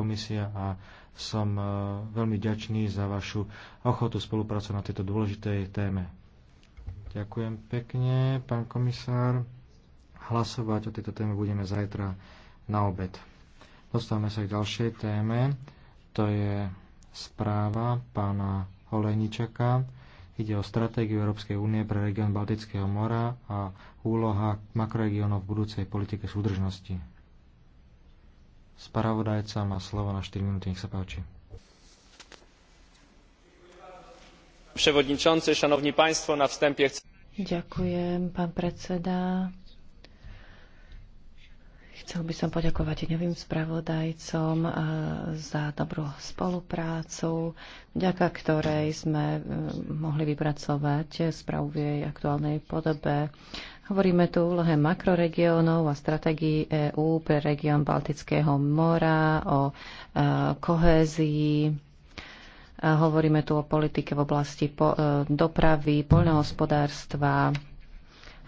komisia a som e, veľmi ďačný za vašu ochotu spolupracovať na tejto dôležitej téme. Ďakujem pekne, pán komisár. Hlasovať o tejto téme budeme zajtra na obed. Dostávame sa k ďalšej téme. To je správa pána Olejničaka. Ide o stratégiu Európskej únie pre región Baltického mora a úloha makroregiónov v budúcej politike súdržnosti. Spravodajca má slovo na 4 minúty, nech sa páči. Przewodniczący, szanowni państwo, na wstępie chcę... Ďakujem, pán predseda. Chcel by som poďakovať novým spravodajcom eh, za dobrú spoluprácu, vďaka ktorej sme eh, mohli vypracovať správu v jej aktuálnej podobe. Hovoríme tu o úlohe makroregiónov a stratégii EÚ pre región Baltického mora, o eh, kohézii. Hovoríme tu o politike v oblasti dopravy, poľnohospodárstva,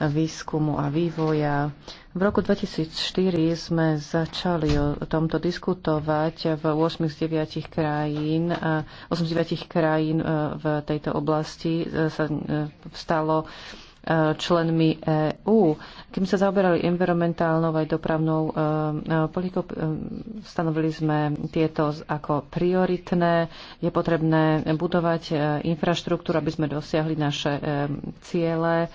výskumu a vývoja. V roku 2004 sme začali o tomto diskutovať v 8 z 9 krajín. 8 z 9 krajín e, v tejto oblasti e, sa e, stalo členmi EÚ. Kým sa zaoberali environmentálnou aj dopravnou politikou, stanovili sme tieto ako prioritné. Je potrebné budovať infraštruktúru, aby sme dosiahli naše ciele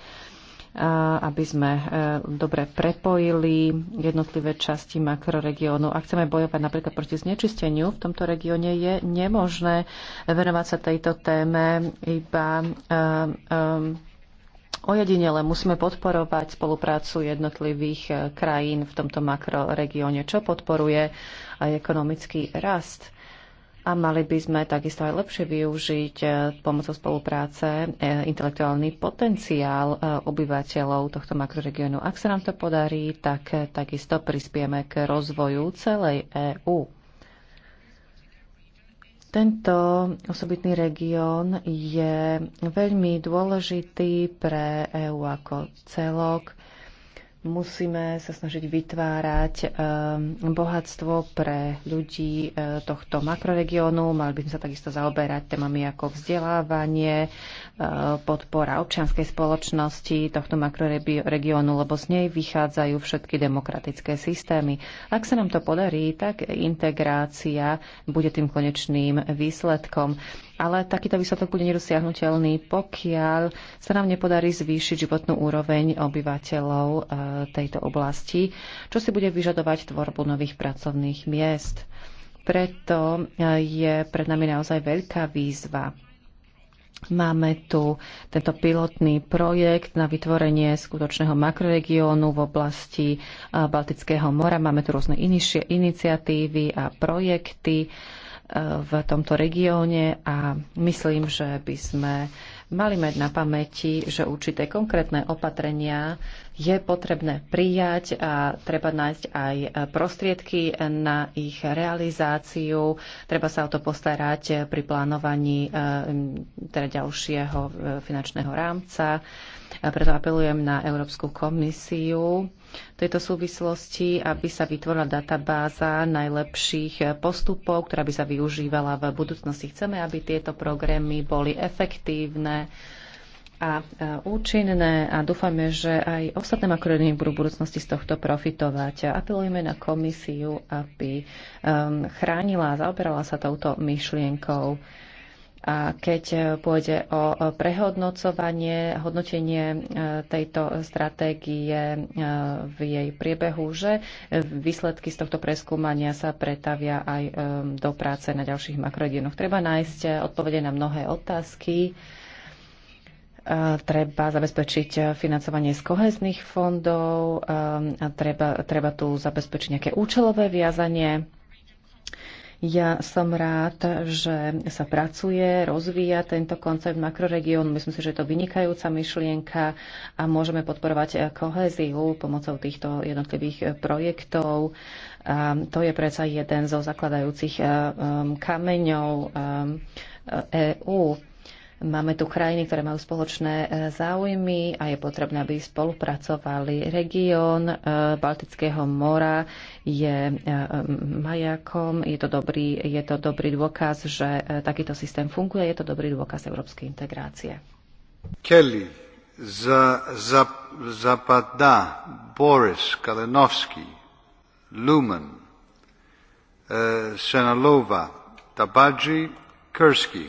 aby sme e, dobre prepojili jednotlivé časti makroregiónu. Ak chceme bojovať napríklad proti znečisteniu, v tomto regióne je nemožné venovať sa tejto téme iba e, e, ojedinele musíme podporovať spoluprácu jednotlivých krajín v tomto makroregióne, čo podporuje aj ekonomický rast a mali by sme takisto aj lepšie využiť e, pomocou spolupráce e, intelektuálny potenciál e, obyvateľov tohto makroregiónu. Ak sa nám to podarí, tak takisto prispieme k rozvoju celej EÚ. Tento osobitný región je veľmi dôležitý pre EÚ ako celok Musíme sa snažiť vytvárať ehm, bohatstvo pre ľudí eh, tohto makroregiónu. Mali by sme sa takisto zaoberať témami ako vzdelávanie, eh, podpora občianskej spoločnosti tohto makroregiónu, lebo z nej vychádzajú všetky demokratické systémy. Ak sa nám to podarí, tak integrácia bude tým konečným výsledkom ale takýto výsledok bude nedosiahnutelný, pokiaľ sa nám nepodarí zvýšiť životnú úroveň obyvateľov e, tejto oblasti, čo si bude vyžadovať tvorbu nových pracovných miest. Preto e, je pred nami naozaj veľká výzva. Máme tu tento pilotný projekt na vytvorenie skutočného makroregiónu v oblasti e, Baltického mora. Máme tu rôzne inici- iniciatívy a projekty v tomto regióne a myslím, že by sme mali mať na pamäti, že určité konkrétne opatrenia je potrebné prijať a treba nájsť aj prostriedky na ich realizáciu. Treba sa o to postarať pri plánovaní e, teda ďalšieho e, finančného rámca. Preto apelujem na Európsku komisiu v tejto súvislosti, aby sa vytvorila databáza najlepších postupov, ktorá by sa využívala v budúcnosti. Chceme, aby tieto programy boli efektívne, a e, účinné a dúfame, že aj ostatné makroregióny budú v budúcnosti z tohto profitovať. Apelujeme na komisiu, aby e, chránila a zaoberala sa touto myšlienkou. A keď e, pôjde o prehodnocovanie, hodnotenie tejto stratégie v jej priebehu, že výsledky z tohto preskúmania sa pretavia aj do práce na ďalších makroregiónoch. Treba nájsť odpovede na mnohé otázky Eh, treba zabezpečiť eh, financovanie z kohezných fondov, eh, a treba, treba tu zabezpečiť nejaké účelové viazanie. Ja som rád, že sa pracuje, rozvíja tento koncept makroregiónu. Myslím si, že je to vynikajúca myšlienka a môžeme podporovať kohéziu pomocou týchto jednotlivých projektov. A to je predsa jeden zo zakladajúcich kameňov EÚ. E Máme tu krajiny, ktoré majú spoločné e, záujmy a je potrebné, aby spolupracovali. Región e, Baltického mora je e, majakom, je to, dobrý, je to dobrý dôkaz, že takýto systém funguje, je to dobrý dôkaz európskej integrácie. Kelly, za, za, Zapadá, Boris, Kalinovský, Lumen, Senalova, Tabadži, Kursky.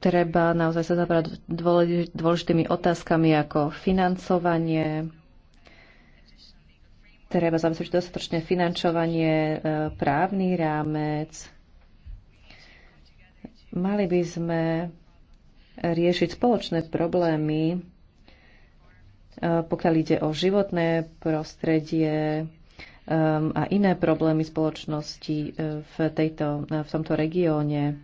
treba naozaj sa zabrať dôležitými otázkami ako financovanie, treba zabezpečiť dostatočné financovanie, e, právny rámec. Mali by sme riešiť spoločné problémy, e, pokiaľ ide o životné prostredie e, a iné problémy spoločnosti v, tejto, v tomto regióne.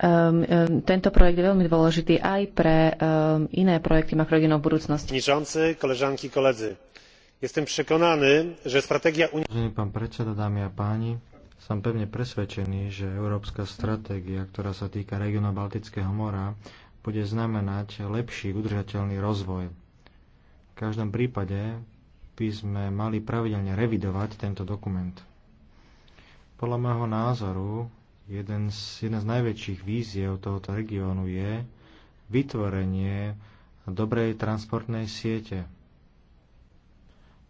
um, tento projekt je veľmi dôležitý aj pre um, iné projekty makrodinov v budúcnosti. koležanky, koledzy. Jestem przekonany, že stratégia Vážený pán predseda, dámy a páni, som pevne presvedčený, že európska stratégia, ktorá sa týka regionu Baltického mora, bude znamenať lepší udržateľný rozvoj. V každom prípade by sme mali pravidelne revidovať tento dokument. Podľa môjho názoru jeden z, jedna z najväčších víziev tohoto regiónu je vytvorenie dobrej transportnej siete.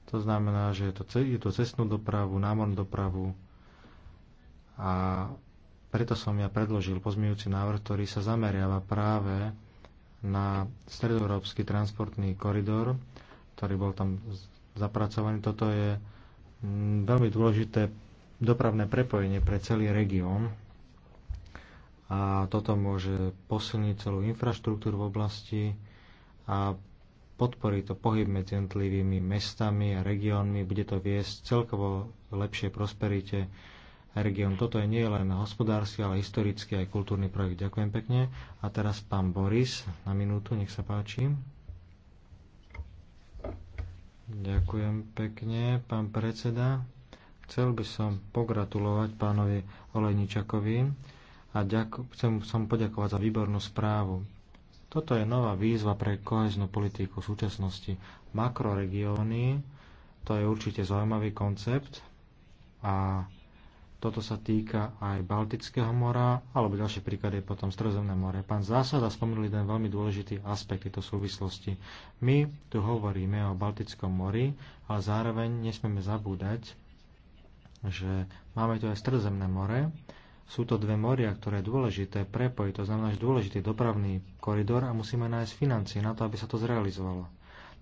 To znamená, že je to, je to cestnú dopravu, námornú dopravu a preto som ja predložil pozmiňujúci návrh, ktorý sa zameriava práve na stredoeurópsky transportný koridor, ktorý bol tam zapracovaný. Toto je veľmi dôležité dopravné prepojenie pre celý región a toto môže posilniť celú infraštruktúru v oblasti a podporí to pohyb medzi jednotlivými mestami a regiónmi, bude to viesť celkovo lepšie prosperite región. Toto je nie len hospodársky, ale historický aj kultúrny projekt. Ďakujem pekne. A teraz pán Boris na minútu, nech sa páči. Ďakujem pekne, pán predseda. Chcel by som pogratulovať pánovi Olejničakovi a ďaku, chcem som poďakovať za výbornú správu. Toto je nová výzva pre koheznú politiku v súčasnosti. Makroregióny, to je určite zaujímavý koncept a toto sa týka aj Baltického mora, alebo ďalší príklad je potom Stredozemné more. Pán Zásada spomenul jeden veľmi dôležitý aspekt tejto súvislosti. My tu hovoríme o Baltickom mori, ale zároveň nesmieme zabúdať, že máme tu aj Stredozemné more sú to dve moria, ktoré je dôležité prepojiť, to znamená, že dôležitý dopravný koridor a musíme nájsť financie na to, aby sa to zrealizovalo.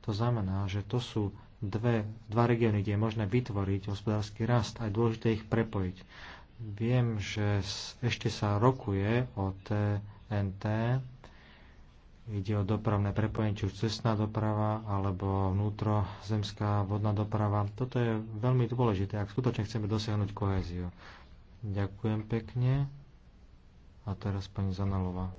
To znamená, že to sú dve, dva regióny, kde je možné vytvoriť hospodársky rast a je dôležité ich prepojiť. Viem, že ešte sa rokuje o TNT, ide o dopravné prepojenie, či už cestná doprava alebo vnútrozemská vodná doprava. Toto je veľmi dôležité, ak skutočne chceme dosiahnuť kohéziu. Ďakujem pekne. A teraz pani Zanalová.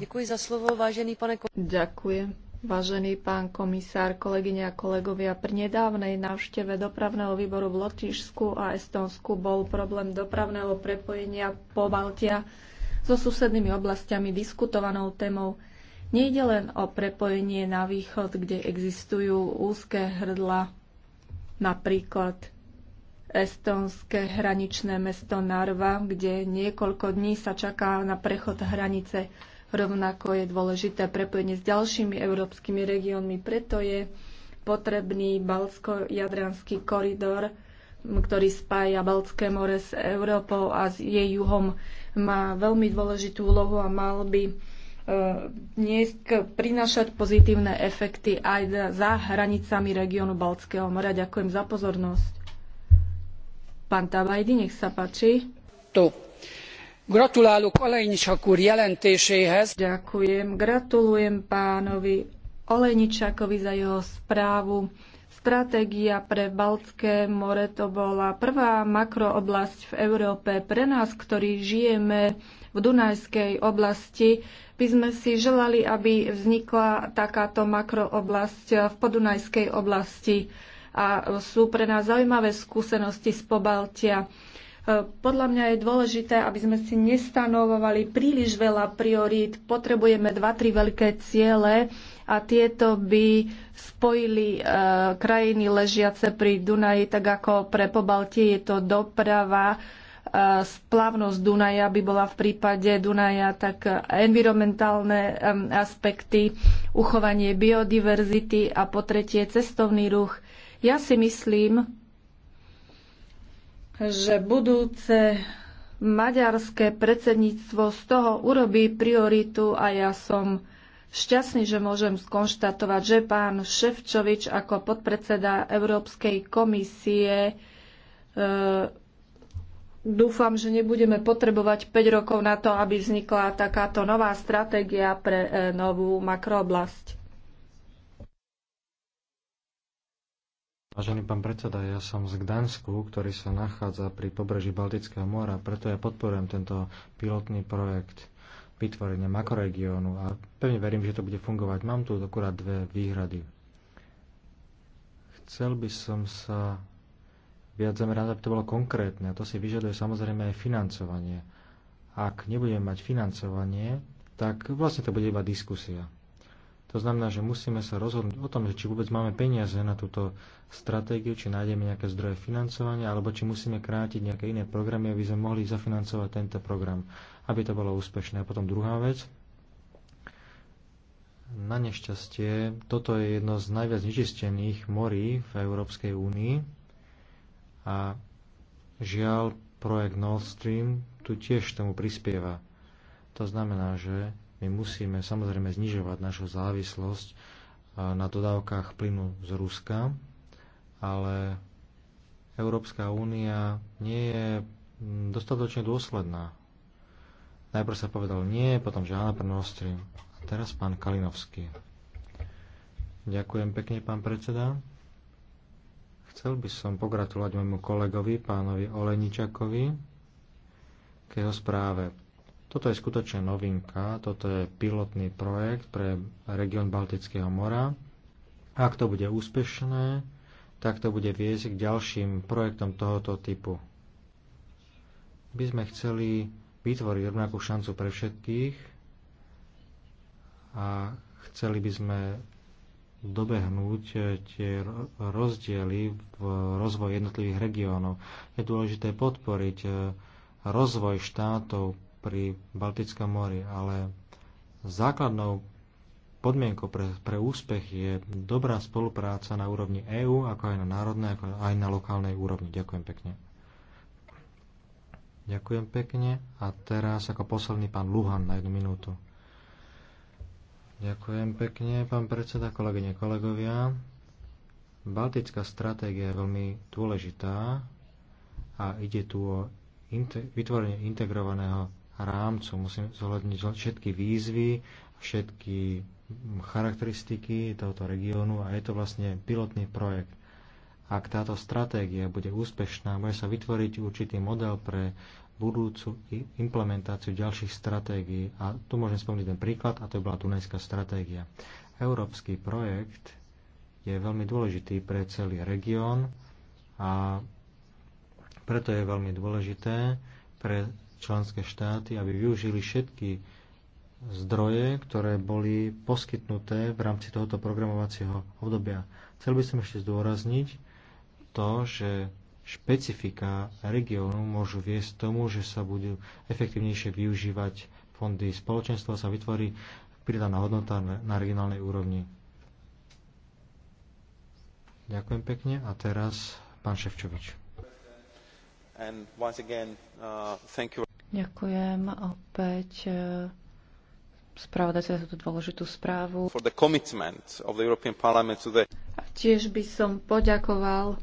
Ďakujem za slovo, vážený pane Ďakujem. Vážený pán komisár, kolegyne a kolegovia, pri nedávnej návšteve dopravného výboru v Lotyšsku a Estonsku bol problém dopravného prepojenia Baltia so susednými oblastiami diskutovanou témou. Nejde len o prepojenie na východ, kde existujú úzke hrdla, napríklad estonské hraničné mesto Narva, kde niekoľko dní sa čaká na prechod hranice. Rovnako je dôležité prepojenie s ďalšími európskymi regiónmi, preto je potrebný Balsko-Jadranský koridor, ktorý spája Baltské more s Európou a s jej juhom, má veľmi dôležitú úlohu a mal by dnes e, prinášať pozitívne efekty aj za hranicami regiónu Baltského mora. Ďakujem za pozornosť. Pán Tabajdi, nech sa páči. To. Gratulálok Olejničak úr jelentéséhez. Ďakujem. Gratulujem pánovi Olejničakovi za jeho správu. Stratégia pre Baltské more to bola prvá makrooblasť v Európe. Pre nás, ktorí žijeme v Dunajskej oblasti, by sme si želali, aby vznikla takáto makrooblasť v Podunajskej oblasti. A sú pre nás zaujímavé skúsenosti z Pobaltia. Podľa mňa je dôležité, aby sme si nestanovovali príliš veľa priorít. Potrebujeme dva, tri veľké ciele, a tieto by spojili e, krajiny ležiace pri Dunaji, tak ako pre Pobaltie je to doprava, e, splavnosť Dunaja by bola v prípade Dunaja, tak environmentálne e, aspekty, uchovanie biodiverzity a po tretie cestovný ruch. Ja si myslím, že budúce maďarské predsedníctvo z toho urobí prioritu a ja som šťastný, že môžem skonštatovať, že pán Ševčovič ako podpredseda Európskej komisie e, dúfam, že nebudeme potrebovať 5 rokov na to, aby vznikla takáto nová stratégia pre e, novú makrooblasť. Vážený pán predseda, ja som z Gdansku, ktorý sa nachádza pri pobreží Baltického mora, preto ja podporujem tento pilotný projekt vytvorenia makroregiónu a pevne verím, že to bude fungovať. Mám tu akurát dve výhrady. Chcel by som sa viac zamerať, aby to bolo konkrétne a to si vyžaduje samozrejme aj financovanie. Ak nebudeme mať financovanie, tak vlastne to bude iba diskusia. To znamená, že musíme sa rozhodnúť o tom, že či vôbec máme peniaze na túto stratégiu, či nájdeme nejaké zdroje financovania, alebo či musíme krátiť nejaké iné programy, aby sme mohli zafinancovať tento program, aby to bolo úspešné. A potom druhá vec. Na nešťastie, toto je jedno z najviac nečistených morí v Európskej únii a žiaľ projekt Nord Stream tu tiež tomu prispieva. To znamená, že my musíme samozrejme znižovať našu závislosť e, na dodávkach plynu z Ruska, ale Európska únia nie je dostatočne dôsledná. Najprv sa povedal nie, potom že áno pán A teraz pán Kalinovský. Ďakujem pekne, pán predseda. Chcel by som pogratulovať môjmu kolegovi, pánovi Oleničakovi, k jeho správe. Toto je skutočne novinka, toto je pilotný projekt pre región Baltického mora. Ak to bude úspešné, tak to bude viesť k ďalším projektom tohoto typu. By sme chceli vytvoriť rovnakú šancu pre všetkých a chceli by sme dobehnúť eh, tie rozdiely v rozvoji jednotlivých regiónov. Je dôležité podporiť eh, rozvoj štátov pri Baltickom mori, ale základnou podmienkou pre, pre úspech je dobrá spolupráca na úrovni EÚ, ako aj na národnej, ako aj na lokálnej úrovni. Ďakujem pekne. Ďakujem pekne. A teraz ako posledný pán Luhan na jednu minútu. Ďakujem pekne, pán predseda, kolegyne, kolegovia. Baltická stratégia je veľmi dôležitá a ide tu o inte- vytvorenie integrovaného rámcu. Musíme zohľadniť všetky výzvy, všetky charakteristiky tohoto regiónu a je to vlastne pilotný projekt. Ak táto stratégia bude úspešná, bude sa vytvoriť určitý model pre budúcu implementáciu ďalších stratégií. A tu môžem spomniť ten príklad, a to bola Dunajská stratégia. Európsky projekt je veľmi dôležitý pre celý región a preto je veľmi dôležité pre členské štáty, aby využili všetky zdroje, ktoré boli poskytnuté v rámci tohoto programovacieho obdobia. Chcel by som ešte zdôrazniť to, že špecifika regiónu môžu viesť tomu, že sa budú efektívnejšie využívať fondy spoločenstva, sa vytvorí pridaná hodnota na regionálnej úrovni. Ďakujem pekne a teraz pán Ševčovič. Again, uh, Ďakujem opäť e, spravodajca za túto dôležitú správu. A tiež by som poďakoval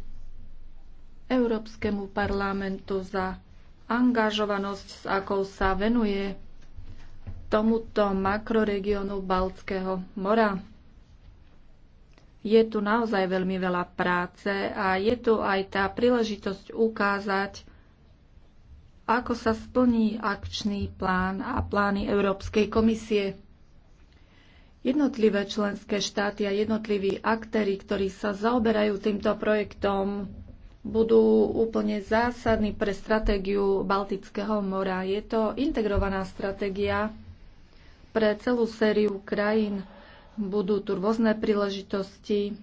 Európskemu parlamentu za angažovanosť, s akou sa venuje tomuto makroregiónu Baltského mora. Je tu naozaj veľmi veľa práce a je tu aj tá príležitosť ukázať, ako sa splní akčný plán a plány Európskej komisie. Jednotlivé členské štáty a jednotliví aktéry, ktorí sa zaoberajú týmto projektom, budú úplne zásadní pre stratégiu Baltického mora. Je to integrovaná stratégia pre celú sériu krajín. Budú tu rôzne príležitosti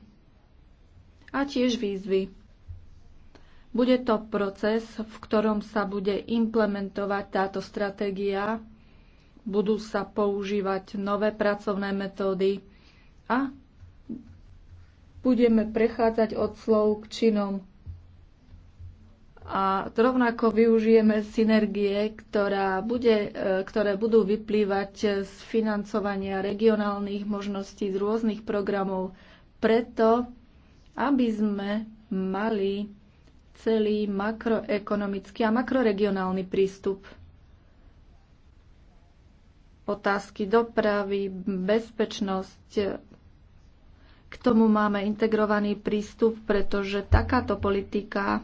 a tiež výzvy. Bude to proces, v ktorom sa bude implementovať táto stratégia, budú sa používať nové pracovné metódy a budeme prechádzať od slov k činom. A rovnako využijeme synergie, ktorá bude, e, ktoré budú vyplývať z financovania regionálnych možností z rôznych programov, preto aby sme mali celý makroekonomický a makroregionálny prístup. Otázky dopravy, bezpečnosť. K tomu máme integrovaný prístup, pretože takáto politika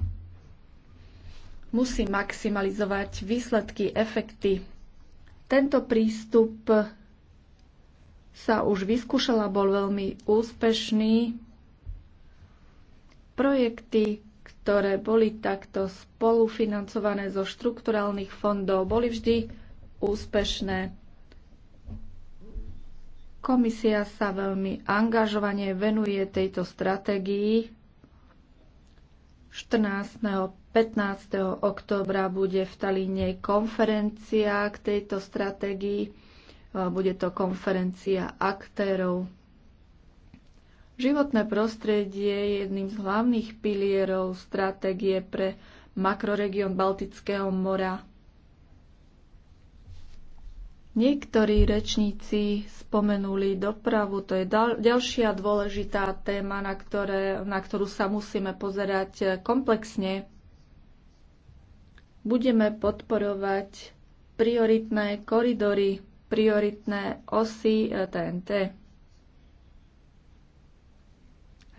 musí maximalizovať výsledky, efekty. Tento prístup sa už vyskúšala, bol veľmi úspešný. Projekty, ktoré boli takto spolufinancované zo štrukturálnych fondov, boli vždy úspešné. Komisia sa veľmi angažovane venuje tejto stratégii. 14. 15. októbra bude v Talíne konferencia k tejto stratégii. Bude to konferencia aktérov Životné prostredie je jedným z hlavných pilierov stratégie pre makroregión Baltického mora. Niektorí rečníci spomenuli dopravu, to je dal, ďalšia dôležitá téma, na, ktoré, na ktorú sa musíme pozerať eh, komplexne. Budeme podporovať prioritné koridory, prioritné osy TNT. Eh,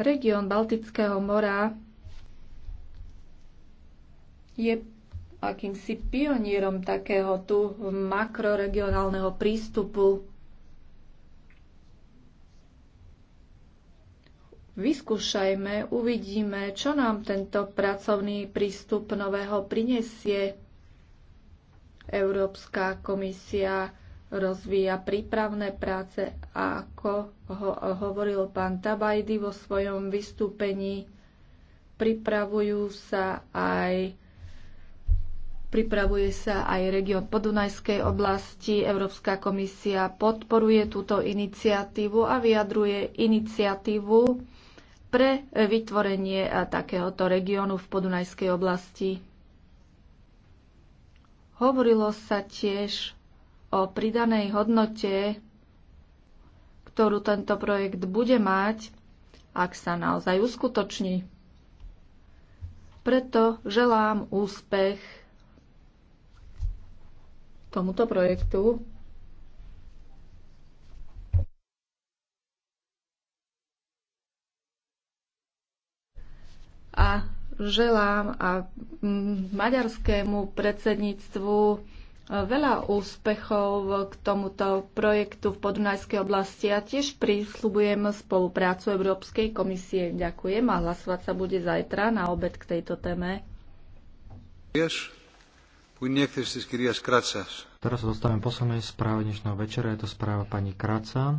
Región Baltického mora je akýmsi pionierom takého tu makroregionálneho prístupu. Vyskúšajme, uvidíme, čo nám tento pracovný prístup nového prinesie. Európska komisia rozvíja prípravné práce a ako ho, hovoril pán Tabajdy vo svojom vystúpení, pripravujú sa aj Pripravuje sa aj región Podunajskej oblasti. Európska komisia podporuje túto iniciatívu a vyjadruje iniciatívu pre vytvorenie takéhoto regiónu v Podunajskej oblasti. Hovorilo sa tiež o pridanej hodnote, ktorú tento projekt bude mať, ak sa naozaj uskutoční. Preto želám úspech tomuto projektu. A želám a mm, maďarskému predsedníctvu veľa úspechov k tomuto projektu v Podunajskej oblasti a tiež prísľubujem spoluprácu Európskej komisie. Ďakujem a hlasovať sa bude zajtra na obed k tejto téme. Teraz sa dostávam poslednej správe dnešného večera. Je to správa pani Kraca.